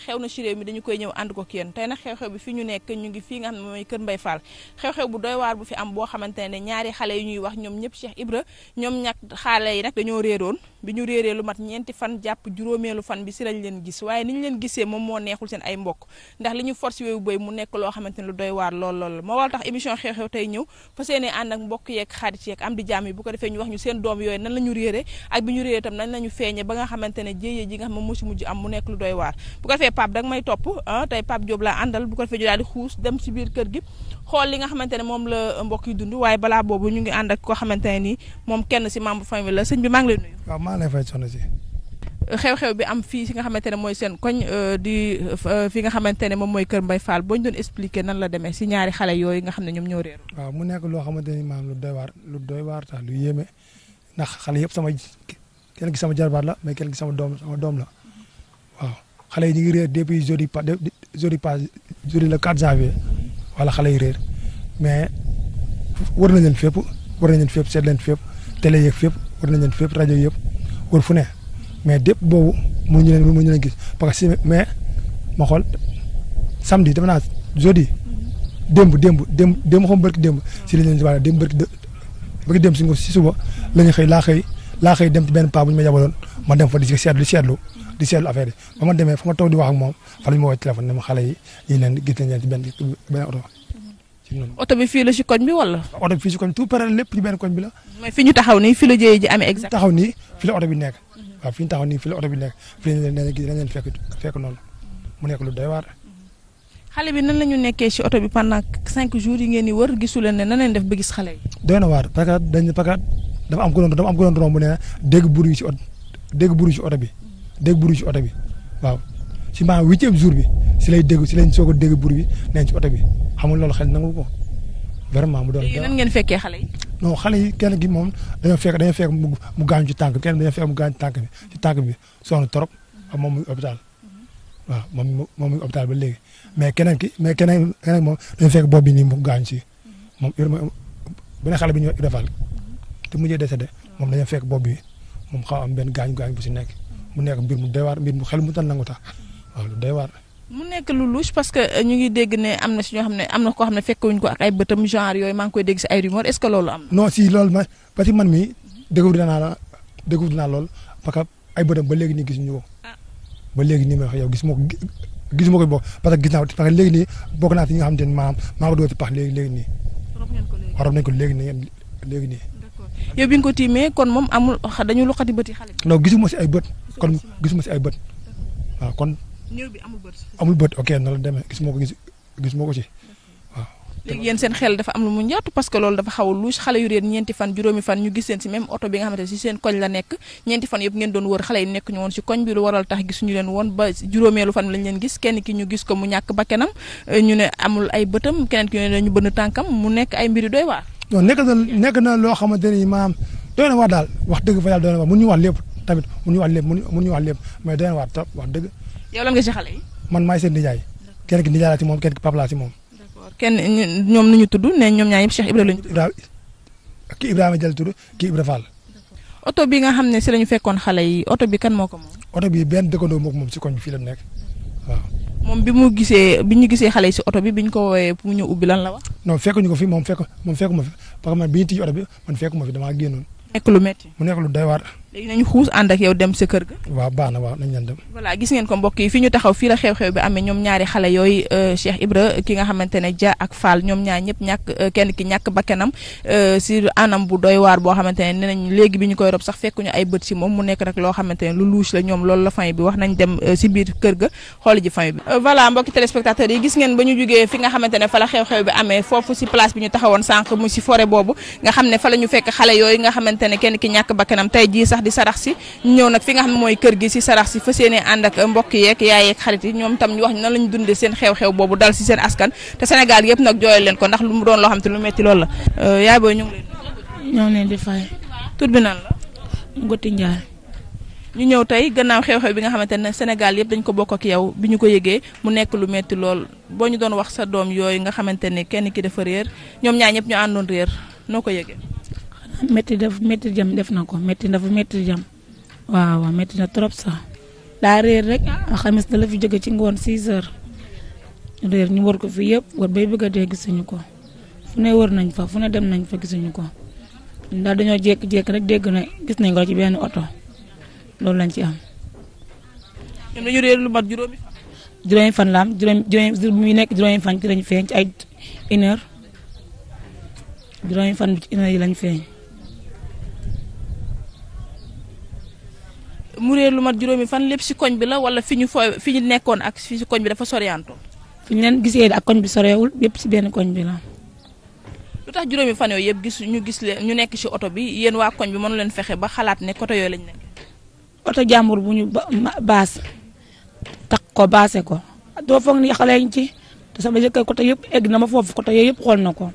xew na ci réew mi dañu koy ñëw ànd ko kenn tey nag xew-xew bi fi ñu nekk ñu ngi fii nga xam ne mooy Kër Mbay Fall xew-xew bu doy waar bu fi am boo xamante ne ñaari xale yu ñuy wax ñoom ñëpp Cheikh Ibra ñoom ñak xale yi nag dañoo réeroon bi ñu réeree lu mat ñeenti fan jàpp juróomeelu fan bi si lañ leen gis waaye ni leen gisee moom moo neexul seen ay mbokk ndax li ñu force wéewu nekk loo xamante ne lu doy waar lool lool moo wal tax émission xew-xew tey ñëw fas yéene ànd ak mbokk yeeg xarit yeeg am di jàmm yi bu ko defee ñu wax ñu seen doom yooyu nan la ñu réere ak bi ñu réeree tam nan la feeñe ba nga xamante ne jéyee ji nga xam ne moo si mujj am mu nekk lu doy waar defee Pape danga may topp ah tey Pape laa àndal bu ko defee ñu daal si biir kër gi xool li nga xamante ne moom la mbokk yi dund waaye boobu ñu ngi ànd ak koo xamante ne nii moom kenn si membre famille la sëñ bi maa ngi lay nuyu. waaw xew-xew bi am fii si nga xamante ne mooy seen koñ euh, di euh, fi nga xamante ne moom mooy Kër mbay Fall boo ñu doon expliqué nan la demee si ñaari xale yooyu nga xam ne ñoom ñoo réer. waaw mu nekk loo xamante ni maam lu doy waar lu doy waar tax lu yéeme ndax xale yëpp sama kenn gi sama jarbaat la mais kenn gi sama doom sama doom la xale yi ñu ngi réer depuis jeudi pa jeudi pas jeudi le 4 janvier wala xale yi réer mais war nañ leen fépp war nañ leen fépp seet leen fépp télé yeeg fépp war nañ leen fépp rajo yëpp war fu ne mais dépp boobu mënuñu leen mënuñu leen gis parce que si mais ma xool samedi dama naa jeudi démb démb démb démb xam barki démb si lañ leen si wàll démb barki barki démb si nga si suba la ñu xëy laa xëy laa xëy dem ci benn paa bu ñu ma yabaloon ma dem fa di si seetlu di seetlu affaire yi ba ma demee fa ma toog di wax ak moom fa lañ ma woo téléphone ne ma xale yi lii leen gis nañ oto ci la ci koñ bi wala oto bi fii ci koñ tout lépp ci benn koñ bi la mooy fi ñu taxaw nii fi la jëyee ji amee nii fi oto bi nekk waaw fi ñu taxaw nii oto bi nekk fi lañ leen gis nañ leen fekk fekk noonu mu nekk lu doy waar xale bi nan la ñu nekkee ci oto bi pendant cinq jours yi ngeen di wër gisu leen ne nan leen def gis xale yi doy na waar parce que dañ parce que dafa am ku doon dafa am ku doon oto dégg buru ci oto bi dégg bruit si oto bi waaw ci maanaam huitième jour bi si lay dégg si lañ soog a dégg bruit bi nañ ci oto bi xam nga loolu xel nangu ko vraiment mu doon. léegi nan ngeen fekkee xale yi. non xale yi kenn gi moom dañoo fekk dañoo fekk mu gaañu tànk kenn dañoo fekk mu gaañu ci tànk bi ci tànk bi sonn trop ak moom muy hôpital mhm. waaw moom moom muy hôpital ba léegi mais keneen ki mais keneen keneen moom dañoo fekk bi nii mu gaañu ci mhm. moom bu ne xale bi ñu defal te mujjee décédé mhm. moom dañoo fekk bopp bi moom xaw a benn gaañu gaañu bu si nekk. mu nekk mbir mu doy waar mbir mu xel mu tal nangu tax waaw lu doy waar. mu nekk lu louche parce que euh, ñu ngi dégg ne am na si ñoo xam ne am na koo xam ne fekkewuñ ko ak ay bëtam genre yooyu maa ngi koy dégg si ay rumeur est-ce que loolu am non si loolu ma parce que man mi découvrir naa la découvrir naa lool parce que ay bëtam ba léegi nii gisuñu ko ah. ba léegi nii may wax yow gis ma ko gis ma ko bokk parce que gis naa parce que léegi nii bokk naa si ñi nga xamante ne maanaam maa ko dugal si pax léegi léegi nii waroon nañ ko léegi nii léegi nii yow bi nga ko tiimee kon moom amul dañu loxati bëti xale bi. gisuma si ay bët. kon gisuma si ay bët waaw kon. néew bi amul bët. amul bët ok na la demee gisuma ko gis gisuma ko si waaw. léegi yéen seen xel dafa am lu mu njort parce que loolu dafa xaw a louche xale yu réer ñeenti fan juróomi fan ñu gis leen si même oto bi nga xamante ne si seen koñ la nekk ñeenti fan yëpp ngeen doon wër xale yi nekk ñu woon si koñ bi lu waral tax gisuñu leen woon ba juróomeelu fan lañ leen gis kenn ki ñu gis ko mu ñàkk bakkanam ñu ne amul ay bëtam keneen ki ñu ne tànkam mu nekk ay mbiri doy waar non nekk na nekk na loo xamante ni maanaam doy na waar daal wax dëgg fa yàlla doy na waar mun ñu wax lépp tamit mu ñu wax lépp mun ñu wax lépp mais doy na waar trop wax dëgg. yow lan nga ci xale yi. man maay seen nijaay. kenn ki nijaay laa ci moom kenn ki papa laa moom. d'accord kenn ñoom nu ñu tudd nee ñoom ñaar yëpp Cheikh Ibrahima lañu tudd. kii Ibrahima jël tudd kii Ibrahima Fall. oto bi nga xam ne si la ñu fekkoon xale yi oto bi kan moo ko moom. oto bi benn dëkkandoo moo moom si bi fii la nekk moom bi mu gisee bi ñu gisee xale yi si oto bi bi ñu ko woowee pour mu ñëw ubbi lan la wax. non fekkuñu ko fi moom fekk moom fekkuma fi parce que man bi ñu tijji oto bi man fekkuma fi damaa génnoon. nekk lu métti mu nekk lu doy waar léegi nañu xuus ànd ak yow dem sa kër ga. waaw baax waaw nañ leen dem. voilà gis ngeen ko mbokk yi fi ñu taxaw fii la xew-xew bi amee euh, ne Dia ak Fall ñoom ñëpp ñàkk euh, kenn ki ñàkk bakkanam euh, si anam bu doy boo xamante ne nee nañ léegi bi ñu koy rob sax fekkuñu ay bët si moom mu nekk rek loo xamante ne lu louche la loolu la famille bi nañ dem si biir kër ga xool ji ba ñu jugee fi nga xamante ne fa la xew-xew bi amee foofu si place bi ñu taxawoon sànq mu si forêt boobu nga xam ne fa la fekk xale yooyu nga xamante ne kenn ki ñàkk bakkanam tey jii sax di sarax si ñëw nag fi nga xam ne mooy kër gi si sarax si fas yéene ànd ak mbokk yeeg yaay yeeg xarit yi ñoom tam ñu wax nan lañu dundee seen xew-xew boobu dal si seen askan te senegal yëpp nag jooyal leen ko ndax lu mu doon loo xam te lu metti loolu euh, booy ñu ñoo leen di fay tur bi la Ngoti Ndiaye ñu ñëw tey gannaaw xew bi nga xamante ne Sénégal yëpp dañ ko bokk ak yow bi ñu ko yégee mu nekk lu metti lool boo ñu doon wax sa doom yooyu nga xamante ne kenn ki dafa réer ñoom ñaar ñëpp ñu àndoon réer noo ko yégee metti def metti jam def na ko métti dafa métti jam waaw métti na trop sax daa réer rek alxames ah, da la fi jóge ci ngoon 6 heures réer ñu war ko fi yëpp war bay bëgg dee gisuñu ko fu ne wër nañ fa fu ne dem nañ fa gisuñu ko ndax dañoo jékki-jékki rek dégg na gis nañ ko ci benn oto loolu lañ ci am. ñoom dañu réer lu mat juróomi fan. juróomi fan laam am juróomi juróomi muy nekk juróomi fan ci lañ ci ay une heure juróomi fan bi ci une yi lañ feeñ. mu réer lu mat juróomi fan lépp si koñ bi la wala fi ñu fo fi ñu nekkoon ak fi si koñ bi dafa soriyaantoo. fi ñu leen gisee ak koñ bi sorewul yëpp si benn koñ bi la. lu tax juróomi fan yëpp gis ñu gis ñu nekk si oto bi yéen waa koñ bi mënu leen fexe ba xalaat ne côté yooyu lañ nekk. oto jàmbur bu ñu ba baas tax ko baase ko doo foog ni xale yi ci te sama jëkkër côté yëpp egg na ma foofu côté yëpp xool na ko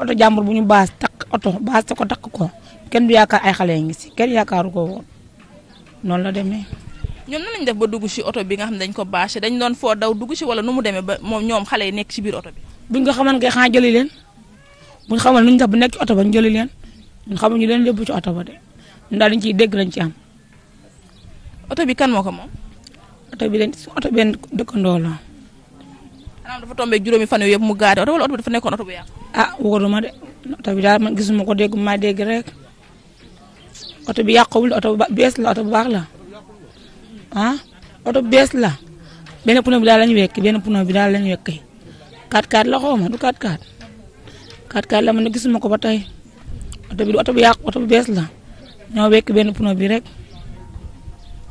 oto jàmbur bu ñu baas tax oto baas te ko takk ko kenn du yaakaar ay xale yi ngi si kenn yaakaaru ko woon. noonu la demee. ñoom nan lañ def ba dugg ci oto bi nga xam ne dañ ko bâché dañ doon foo daw dugg ci wala nu mu demee ba moom ñoom xale yi nekk ci biir oto bi. buñ ko xaman kay xanaa jëli leen buñ xamal nuñ def bu nekk ci oto ba ñu jëli leen ñun xamal ñu leen ci oto ba de ñun daal dañ dégg nañ ci am. oto bi kan moo ko moom. oto bi leen su oto benn dëkkandoo la. maanaam dafa tombé juróomi fan yëpp mu gaare oto bi dafa nekkoon oto bu yàqu. ah wóoruma de oto bi daal man gisuma ko dégg maa dégg rek. oto bi yàqowul oto bu bees la oto bu baax la ah oto bu bees la benn pneu bi daal la ñu wekk benn pneu bi daal la ñu wekk 4x4 la xaw ma du 4x4 4 la ma ne gisuma ko ba tey oto bi oto bu yàqu oto bu bees la ñoo wekk benn pneu bi rek.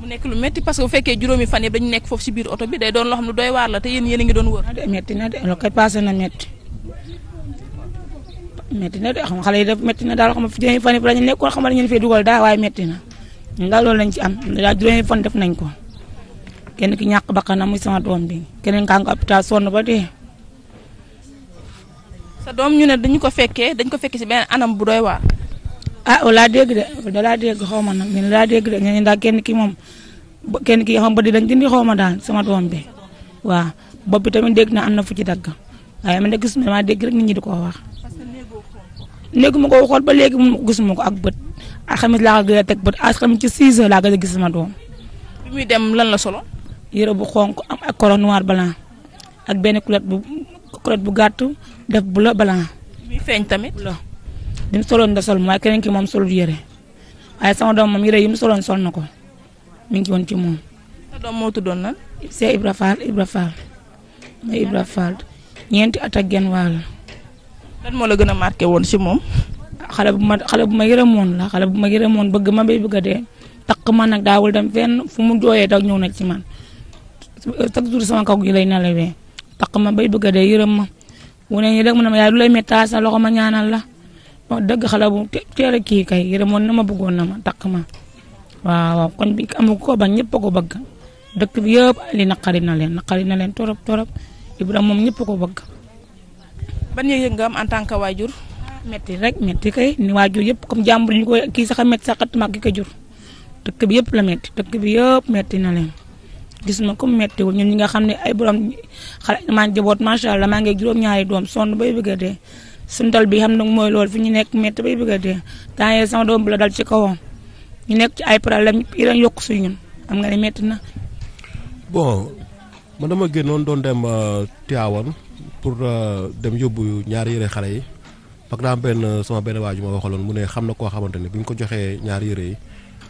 mu nekk lu métti parce bu fekkee juróomi fan yëpp dañu nekk foofu si biir oto bi day doon loo xam ne doy waar la te yéen yéen a ngi doon wër. Ah, metti na de loolu kay passé na metti metti na de xam xale yi def metti na daal xam nga juróomi fan yi la ñu nekkoon xam nga dañu fee dugal daal waaye metti na ñun loolu lañ ci am daal juróomi fan def nañ ko kenn ki ñàkk bakkanam muy sama doom bi keneen kaa nga hôpital sonn ba dee. sa ñu ne dañu ko fekkee dañ ko fekkee si benn anam bu doy waar. ah wala dégg de da laa dégg xaw ma nag ñun laa dégg de ñooñu daal kenn ki moom kenn ki xam ba di lañ dindi xaw ma daal sama doom bi waaw bopp bi tamit dégg na am na fu ci dagg waaye ma de gis na maa dégg rek nit ñi di ko wax. léegi ma ko waxoon ba léegi gisuma ko ak bët alxames laa ko gën a teg bët alxames ci 6 heures laa gën a gis sama doom. bi muy dem lan la solo. yére bu xonk am ak col noir blanc ak benn culotte bu culotte bu gàtt def bleu blanc. muy feeñ tamit. la li mu soloon da sol waaye keneen ki moom solut yére waaye sama doom moom yére yi mu soloon sol na ko mi ngi woon ci moom. sa doom moo tuddoon lan. Cheikh Ibra Fall Ibra Fall. Ibra Fall ñeenti at ak genn wàll. lan moo la gën a marqué woon si moom. xale bu ma xale bu ma yërëmoon la xale bu ma yërëmoon bëgg ma bay bëgg a dee takk ma nag daawul dem fenn fu mu jooyee dag ñëw na ci man chaque jour sama kaw gi lay nelawee takk ma bay bëgg a dee yërëm ma wu ne ñu rek mu ne ma yaay du lay méttaa sa loxo ma ñaanal la dëgg xale bu teel a kii kay yërëmoon na ma bëggoon na ma takk ma waaw waaw kon bi amul ko ba ñëpp ko bëgg dëkk bi yëpp li naqari na leen naqari na leen torop torop Ibra moom ñëpp ko bëgg. ban yëg-yëg nga am en tant que waajur. Ah, metti rek metti kay ni waajur yëpp comme jàmbur ñu koy kii sax a metti sax xatuma ki ko jur dëkk bi yëpp la metti dëkk bi yëpp metti na leen gis ma comme mettiwul ñun ñi nga xam ne ay borom xale maa ngi jaboot macha allah maa ngi juróom-ñaari doom sonn bay bëgg a dee bi xam nag mooy loolu fi ñu nekk metti bay bëgg a dee temps sama doom bu la dal ci kawam ñu nekk ci ay problème yi dañ yokk su ñun am nga ne metti na. bon man dama génnoon doon dem euh, Tivaouane pour euh, dem yóbbu ñaari yére xale yi fag am benn euh, sama benn waaju ma waxaloon mu ne xam na koo xamante ni bu ñu ko joxee ñaari yére yi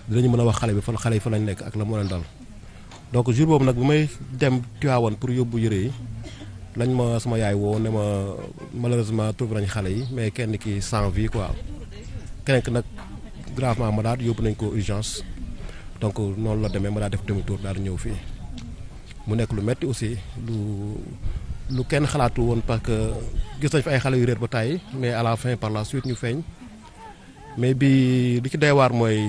dinañu mën a wax xale bi fan xale yi fan lañ nekk ak la moo leen dal donc jour boobu nag bi may dem Tivaouane pour yóbbu yére yi lañ ma sama yaay woo ne ma malheureusement trouvé nañ xale yi mais kenn ki sans vie quoi keneen ki nag gravement malade yóbbu nañ ko urgence donc noonu la demee ma daa def demi tour daal di ñëw fii mu nekk lu metti aussi lu kenn xalaatu woon parce que gis nañ fi ay xale yu réer ba tàyyi mais à la fin par la suite ñu feeñ mais bi li ci doy waar mooy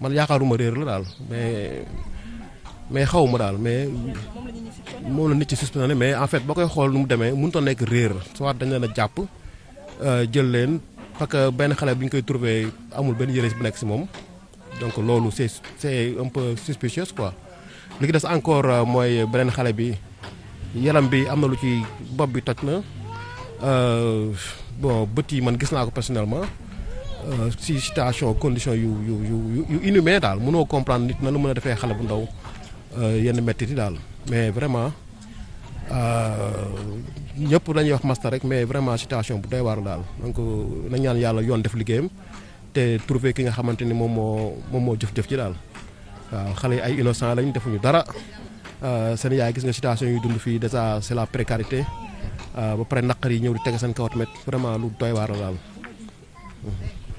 man yaakaaruma réer la daal mais mais xaw daal mais moom la nit ci suspicion mais en fait boo koy xool mu demee mënut a nekk réer soit dañ leen a jàpp euh, jël leen parce que benn xale bi ñu koy trouver amul benn yëre bu nekk si moom donc loolu c'est c'est un peu suspicieux quoi li ci des encore euh, mooy beneen xale bi. yaram bi am na lu ci bopp bi toj na euh, bon bët yi man gis naa ko personnellement euh, si situation condition yu yu yu yu daal mënoo comprendre nit na lu mën a defee xale bu ndaw euh, yenn métti daal mais vraiment ñëpp dañuy wax masta rek mais vraiment situation bu doy waar daal donc nañ ñaan yàlla yoon def liggéeyam te trouver ki nga xamante ni moom moo moom moo jëf-jëf ci daal waaw xale yi ay innocent lañ defuñu dara. Euh, Sénégal gis nga situation yu dund fii déjà c'est la précarité euh, ba pare naqar yi ñëw di teg seen kaw tamit vraiment lu doy waar la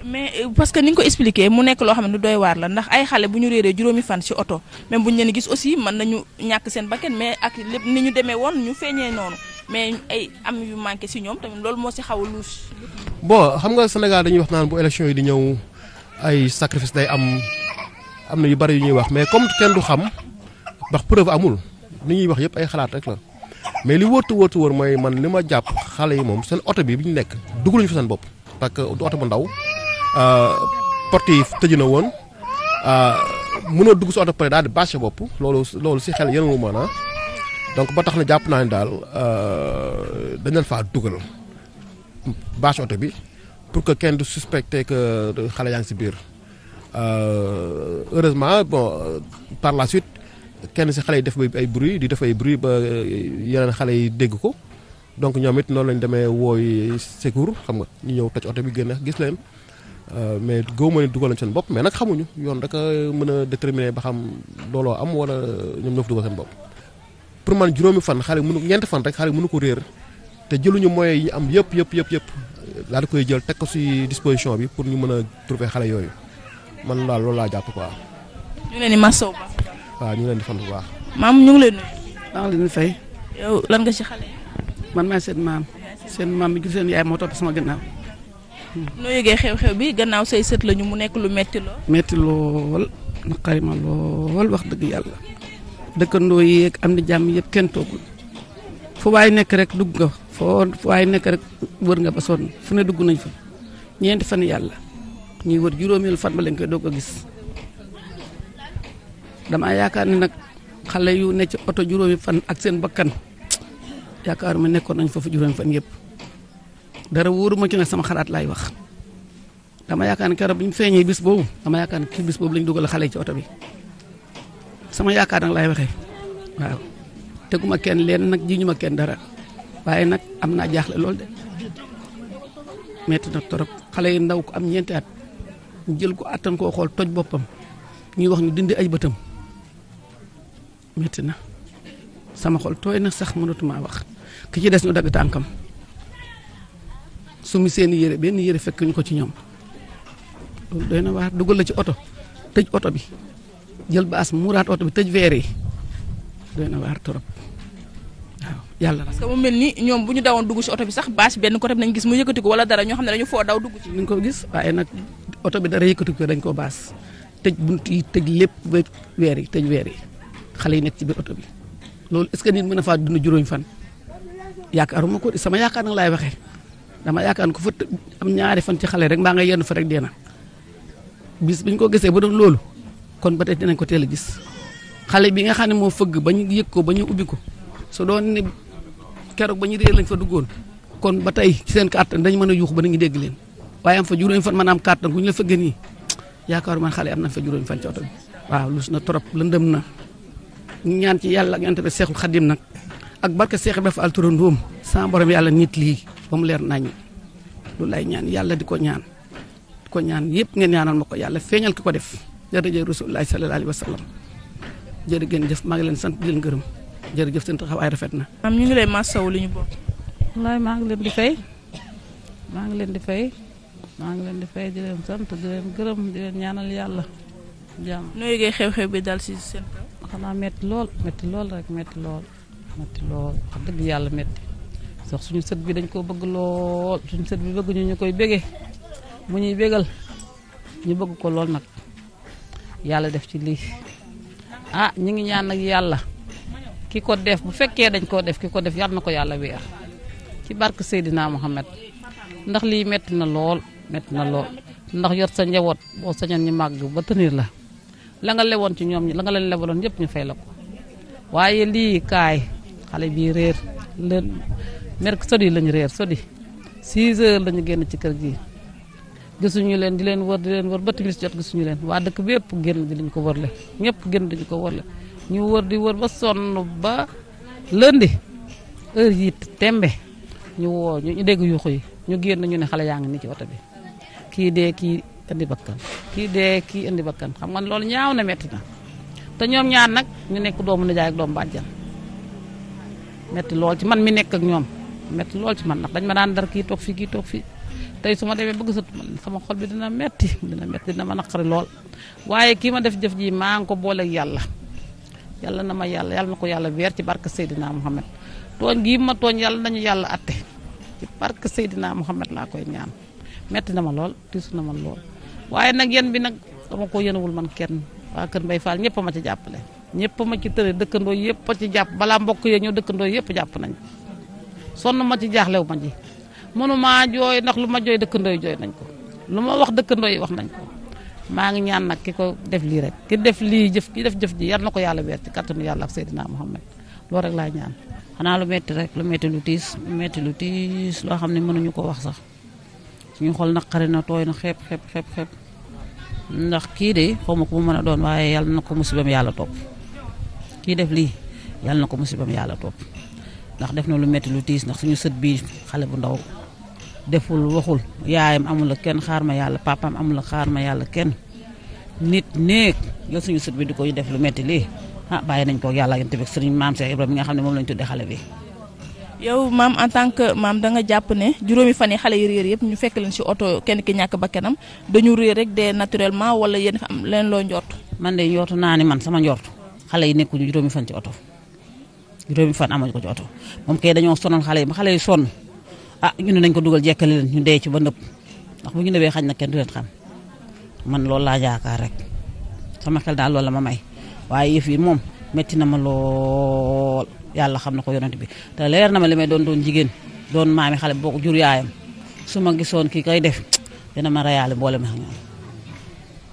mais euh, parce que ni nga ko expliqué mu nekk loo xam ne lu doy waar la ndax ay xale bu ñu réeree juróomi fan ci oto même bu ñu leen gis aussi mën nañu ñàkk seen bakkan mais ak lépp ni ñu demee woon ñu feeñee noonu mais ay am yu manqué si ñoom tamit loolu moo si xaw a luus. bon xam nga Sénégal dañuy wax naan bu élection yi di ñëw ay sacrifice day am am na yu bari yu ñuy wax mais comme kenn du xam. ndax preuve amul li ñuy wax yëpp ay xalaat rek la mais li wóor te wóor mooy man li ma jàpp xale yi moom seen oto bi bi ñu nekk dugaluñu fa seen bopp. parce que du oto bu ndaw euh, porte yi tëju na woon euh, mënoo dugg si oto pare daal di bâché bopp loolu loolu si xel yëngu ma na donc ba tax na jàpp naa ne daal euh, dañ leen faa dugal bâché oto bi pour que kenn du suspecte que xale yaa ngi si biir heureusement bon par la suite. kenn si xale yi def ay bruit di def ay bruit ba euh, yeneen xale yi dégg ko donc ñoom it noonu lañ demee wooy secours xam nga ñu ñëw toj oto bi génn gis leen euh, mais goo ma ne dugal nañ seen bopp mais nag xamuñu yoon daka mën a déterminer ba xam looloo am wala ñoom ñoo fa dugal seen bopp. pour man juróomi fan xale mënu ñeent fan rek xale mënu ko réer te jëluñu moyens yi ñu am yëpp yëpp yëpp yëpp daal di koy jël teg ko si disposition bi pour ñu mën a trouver xale yooyu man daal loolu laa jàpp quoi. waaw ñu ngi leen di sant bu baax. maam ñu ngi leen nuyu. maa lan nga ci xale man maay seen maam seen maam bi gis seen yaay moo topp sama gannaaw. Hmm. noo yëgee xew-xew bi gannaaw say sët lañu mu nekk lu metti lool. naqari ma lool wax dëgg yàlla dëkkandoo yeeg am na jàmm yëpp kenn toogul fu waay nekk rek dugg nga foo fu waay nekk rek wër nga ba sonn fu ne dugg nañ fa ñeenti fan yàlla ñuy wër juróomeelu fan ba lañ koy doog a gis damaa yaakaar ne nag xale yu ne ci oto juróomi fan ak seen bakkan yaakaaruma nekkoon nañ foofu juróomi fan yëpp dara wóoruma ci nag sama xalaat laay wax dama yaakaar ne keroog bi feeñee bis boobu dama yaakaar ne bis boobu lañ dugal xale yi ci oto bi yaakaar nag laay waxee waaw kenn leen nag ji ñu ma kenn dara waaye nag am naa jaaxle lool de metti na torop xale yi ndaw ko am ñeenti at ñu jël ko attan koo xool toj boppam ñuy wax ñu dindi ay bëtam métti na sama xol tooy nag sax mënatuma wax ki ci des ñu dagg tànkam su seen yére benn yére fekk ñu ko ci ñoom loolu doy na waar dugal la ci oto tëj oto bi jël baas muuraat oto bi tëj weer yi doy na waar trop waaw yàlla. parce que mu mel ni ñoom bu ñu dawoon dugg ci oto bi sax baas benn côté bi nañ gis mu yëkkati ko wala dara ñoo xam ne dañu foo daw dugg ci. ni ñu ko gis waaye nag oto bi dara yëkkati ko dañ koo baas tëj bunt yi tëj lépp ba weer yi tëj weer yi. xale yi nekk ci biir oto bi loolu est-ce que nit mën na faa dund juróomi fan yaakaaruma ko sama yaakaar nag laay waxee dama yaakaar ko fa am ñaari fan ci xale rek mbaa nga yenn fa rek dee na bis bi ñu ko gisee ba doon loolu kon ba tey dinañ ko teel a gis xale bi nga xam ne moo fëgg ba ñu yëg ko ba ñu ubbi ko su doon ni keroog ba ñu réer lañ fa duggoon kon ba tey seen kàttan dañ mën a yuux ba nañu dégg leen waaye am fa juróomi fan maanaam kàttan ku ñu la fëggee nii yaakaaruma xale am na fa juróoñ fan ci oto bi waaw lus na trop lëndëm na. ñaan ci yàlla ak yonent bi seexul xadim nag ak barke seex bi dafa al turandoom sama yàlla nit lii ba leer naññ lu lay ñaan yàlla di ko ñaan di ñaan yëpp ngeen ñaanal ma ko yàlla feeñal ki ko def jërëjëf rasulullahi sallallahu alayhi wa sallam jërë ngeen jëf maa ngi leen sant di leen gërëm jërëjëf seen taxawaay rafet na. maam ñu ngi lay masawu li ñu bokk. wallaay maa ngi leen di fay maa ngi leen di fay maa ngi leen di fay di leen sant di leen gërëm di leen ñaanal yàlla jàmm. noo yëgee xew-xew bi dal ci seen xanaa metti lool metti lool rek metti lool metti lool wax dëgg yàlla metti sax suñu sët bi dañ koo bëgg lool suñu sët bi bëgg ñu koy bége mu ñuy bégal ñu bëgg ko lool nag yàlla def ci lii ah ñu ngi ñaan nag yàlla ki ko def bu fekkee dañ koo def ki ko def yàlla na ko yàlla weer ci barke Seydina Mohamed ndax lii metti na lool metti na lool ndax yor sa njawoot boo sañoon ñi màgg ba tenir la la nga lewoon ci ñoom ñi la nga leen lewaloon yëpp ñu fay la ko waaye lii kaay xale bii réer leen mercredi lañu reer soddi 6 heures lañu génn ci kër gi gisuñu leen di leen wër di leen wër ba timis jot gisuñu leen waa dëkk bi yëpp génn di lañ ko wër le ñëpp génn dañu ko wër le ñu wër di wër ba sonn ba lundi heure yi tembe ñu woo ñu dégg yuuxu yi ñu génn ñu ne xale yaa ngi nii ci oto bi kii dee kii indi bakkan kii dee kii indi bakkan xam nga loolu ñaaw na metti na te ñoom ñaan nag ñu nekk doomu nijaay ak doom bàjjan metti lool ci man mi nekk ak ñoom metti lool ci man ndax dañ ma daan dar toog fii kii toog fii su ma demee bëgg sama xol bi dina metti dina metti dina ma naqari lool waaye kii ma def jëf ji maa ngi ko booleeg yàlla yàlla na ma yàlla yàlla na ko yàlla weer ci barke Seydina Muhammad tooñ gii ma tooñ yàlla nañu yàlla atte ci barke Seydina Muhammad laa koy ñaan metti na ma lool tiisu na ma lool waaye nag yéen bi nag dama ko yénewul man kenn waa Kër Mbay Fall ñëpp ma ci jàppale ñëpp ma ci tëre dëkkandoo yëpp ci jàpp balaa mbokk yee ñëw dëkkandoo yëpp jàpp nañ sonn ma ci jaaxlew ma ji mënumaa jooy ndax lu ma jooy dëkkandoo yi nañ ko lu ma wax dëkkandoo yi wax nañ maa ngi ñaan nag ki ko def lii rek ki def lii jëf ki def jëf ji yal na ko yàlla weer ci kattanu yàlla ak Seydina Muhammad loolu rek laa ñaan xanaa lu metti rek lu metti lu tiis lu metti loo xam ne mënuñu ko wax sax suñu xol naqari na tooy na xeeb xeeb xeeb xeeb ndax kii de xaw ma ko mu mën a doon waaye yàlla na ko musibam yàlla topp kii def lii yàlla na ko musibam yàlla topp ndax def na lu metti lu tiis ndax suñu sët bii xale bu ndaw deful waxul yaayam amul ak kenn xaar ma yàlla papaam amul ak xaar ma yàlla kenn nit néeg yow suñu sët bi di koy def lu metti lii ah bàyyi nañ ko yàlla yente bi sëriñ maam Cheikh Ibrahima mi nga xam ne moom lañ tudde xale bi yow maam en tant que maam danga nga jàpp ne juróomi fan yi xale yi réer yëpp ñu fekk leen ci oto kenn ki ñàkk bakkanam dañu réer rek de naturellement wala yéen fa am loo njort. man de njortu naa ni man sama njort xale yi nekkuñu juróomi fan ci oto juróomi fan amañu ko ci oto moom kay dañoo sonal xale yi ma xale yi son ah ñu ne nañ ko dugal jekkali leen ñu dee ci ba nëpp ndax bu ñu nëbee xañ na kenn du leen xam man loolu laa yaakaar rek sama xel daal lool la ma may na ma lool. yàlla xam na ko yonent bi te leer na ma li may doon doon jigéen doon maami xale boo ko jur yaayam su ma gisoon kii kay def dina ma reyaale boole ma ñoom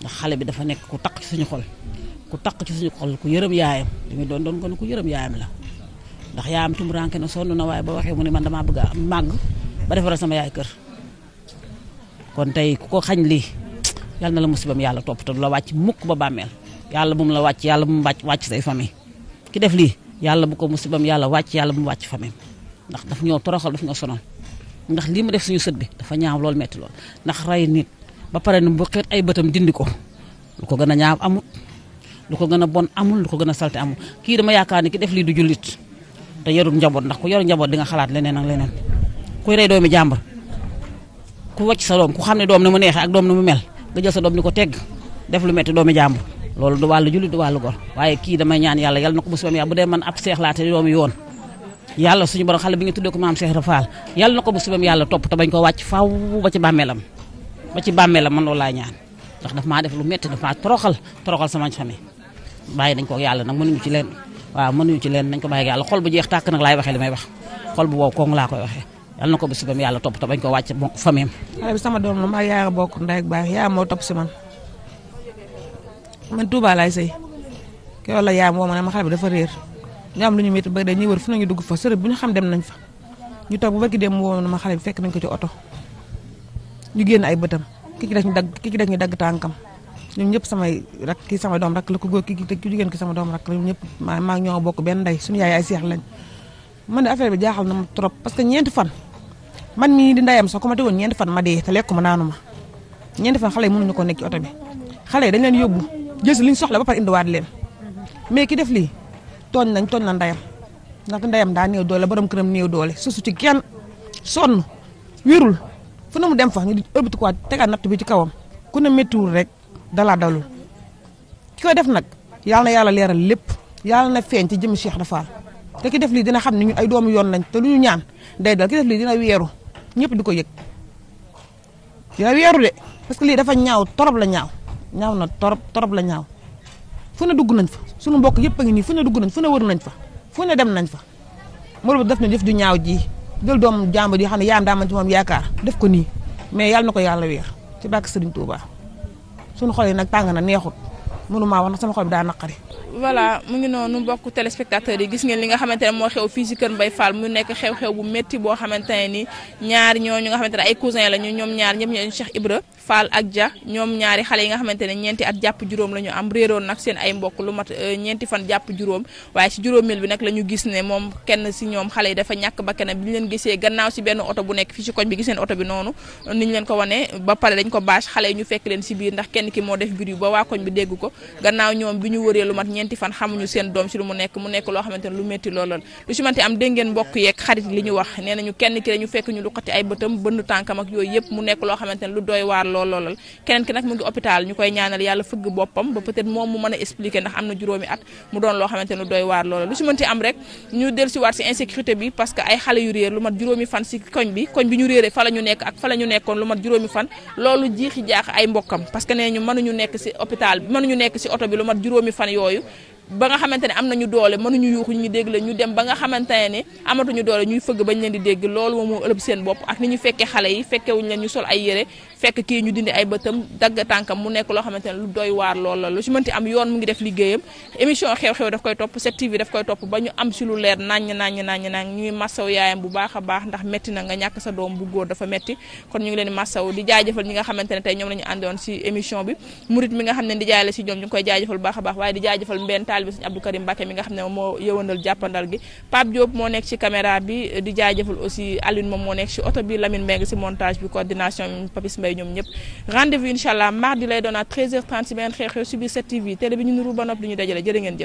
ndax xale bi dafa nekk ku taq ci suñu xol ku taq ci suñu xol ku yërëm yaayam li muy doon doon kon ku yërëm yaayam la ndax yaayam tumuraanke na sonn na waaye ba waxee mu ne man damaa bëgg a màgg ba defaral sama yaay kër kon tey ku ko xañ lii yàlla na la musibam yàlla topp te du la wàcc mukk ba bàmmeel yàlla bu mu la wàcc yàlla mu wàcc wàcc say famille yàlla bu ko musibam yàlla wàcc yàlla bu mu wàcc famem ndax daf ñoo toroxal daf ñoo sonal ndax lii ma def suñu sët bi dafa ñaaw lool metti lool ndax rey nit ba pare nu bu xeet ay bëtam dindi ko lu ko gën a ñaaw amul lu ko gën a bon amul lu ko gën a salte amul kii dama yaakaar ni ki def lii du julit te yarul njaboot ndax ku yarul njaboot di nga xalaat leneen ak leneen kuy rey doomi jàmbur ku wàcc sa doom ku xam ne doom ne mu neexee ak doom ne mel nga jël sa doom ni ko tegg def lu metti doomi jàmbur loolu du wàllu julli du wàllu gor waaye kii damay ñaan yàlla yàlla na ko musibaam yàlla bu dee man ab seex laa te doomu yoon yàlla suñu borom xale bi nga ko maam na ko topp te ko wàcc faw ba ci bàmmeelam ba ci bàmmeelam man loolu laa ñaan ndax daf maa ko yàlla nag mënuñu ci jeex tàkk nag laay waxee may wax xol bu wow koong laa koy waxee yàlla na ko musibaam yàlla topp doom la maa yaa bokk ndey ak baay yaa moo topp si man Touba laay sëy ke wala yaa moo ma ne ma xale bi dafa réer ñu am lu ñu métti ba dañuy wër fu nañu dugg fa sërëb bu ñu xam dem nañ fa ñu toog bu bakki dem woo ma xale bi fekk nañ ko ci oto ñu génn ay bëtam ki ci def dagg ki ci def ñu dagg tànkam ñoom ñëpp samay rak ki sama doom rak la ko góor ki ki jigéen doom rak la ñoom ñëpp maa maa ñoo bokk benn ndey suñu yaay ay seex lañ man de bi jaaxal na ma trop parce que ñeenti fan man mii di ndeyam sax ku ma tegoon ñeenti fan ma dee te lekku ma naanu ma ñeenti fan xale yi mënuñu ko nekk oto bi xale yi dañ leen yóbbu jël si li ñu soxla ba pare indiwaat leen mais ki def lii tooñ nañ tooñ na ndeyam ndax ndeyam daa néew doole borom këram néew doole susu ci kenn sonn wérul fu na mu dem fa ñu di ëlbati quoi tegaat natt bi ci kawam ku ne méttiwul rek dalaa dalul ki koy def nag yàlla na yàlla leeral lépp yàlla na feeñ ci jëm Cheikh Rafal te ki def lii dina xam ne ñun ay doomu yoon lañ te lu ñu ñaan day dal ki def lii dina weeru ñëpp di ko yëg dina weeru de parce que lii dafa ñaaw torop la ñaaw ñaaw na torop torop la ñaaw fu na dugg nañ fa sunu mbokk yëpp a ngi nii fu ne dugg nañ fu ne wër nañ fa fu ne dem nañ fa morobu def na jëf ju ñaaw ji jël doom jàmbur yi xam ne yaam daa man ci moom yaakaar def ko nii mais yàlla na ko yàlla weer ci bàkk Sëriñ Tuuba sunu xol yi nag tàng na neexut mënumaa wax na sama xol bi daa naqari voilà mu ngi noonu mbokk téléspectateurs yi gis ngeen li nga xamante ne moo xew fii si kër Mbaye Fall mu nekk xew-xew bu métti boo xamante ne ni ñaar ñooñu nga xamante ne ay cousin la ñu ñoom ñaar ñëpp ñooñu Cheikh Ibra Fall ak Dia ñoom ñaari xale yi nga xamante ñeenti at jàpp juróom la ñu am réeroon nag seen ay mbokk lu mat euh, ñeenti fan jàpp juróom waaye si juróomeel bi nag la ñu gis ne moom kenn si ñoom xale yi dafa ñàkk bakkanam bi si bi ñu leen ko wanee ba pare dañ ko bâche xale yi ñu fekk leen si biir ndax kenn ki moo def biir yu ba waa koñ bi dégg ko gannaaw ñoom bi ñu wëree lu mat ñeenti fan xamuñu seen doom si lu mu nekk mu nekk loo xamante ne lu metti loolal lu si manti am lool lool keneen ki ñu koy ñaanal yàlla fëgg boppam ba peut-être moom mu mën a na juróomi at mu doon loo ne doy waar lool lu si mënti am rek bi parce que ay xale yu réer lu mat juróomi fan si koñ ñu réeree fa la ñu nekk ak fa la ñu nekkoon lu mat juróomi fan loolu jiixi jaax ay mbokkam parce que nee ñu mënuñu nekk si hôpital bi mënuñu nekk si oto bi lu mat juróomi fan yooyu ba nga xamante ne am nañu doole mënuñu yuuxu ñu dégg la ñu dem ba nga xamante ne amatuñu doole ñuy fëgg bañ leen di dégg loolu moom moo seen bopp ak ni ñu fekke xale yi fekkewuñ leen ñu sol ay yére fekk kii ñu dindi ay bëtam dagg tànkam mu nekk loo xamante ne lu doy waar lool la lu ci mënti am yoon mu ngi def liggéeyam émission xew-xew daf koy topp 7 ba ñu am si lu leer naññ naññ naññ nañ massaw yaayam bu baax a baax ndax metti na nga ñàkk sa doom bu góor dafa metti kon ñu ngi leen massaw di jaajëfal ñi nga xamante ne tey ñoom la ñu àndoon si émission bi murit mi nga xam ne di jaay la si ñoom ñu koy jaajëfal bu baax a baax waaye di jaajëfal mbenn taalibe Sëriñ Abdou Karim Mbacké mi nga xam ne Bambey ñoom ñëpp rendez-vous incha allah mardi lay doon à 13h30 si beneen xew-xew ci biir 7TV télé ñu nuru ba noppi ñu dajale jërë ngeen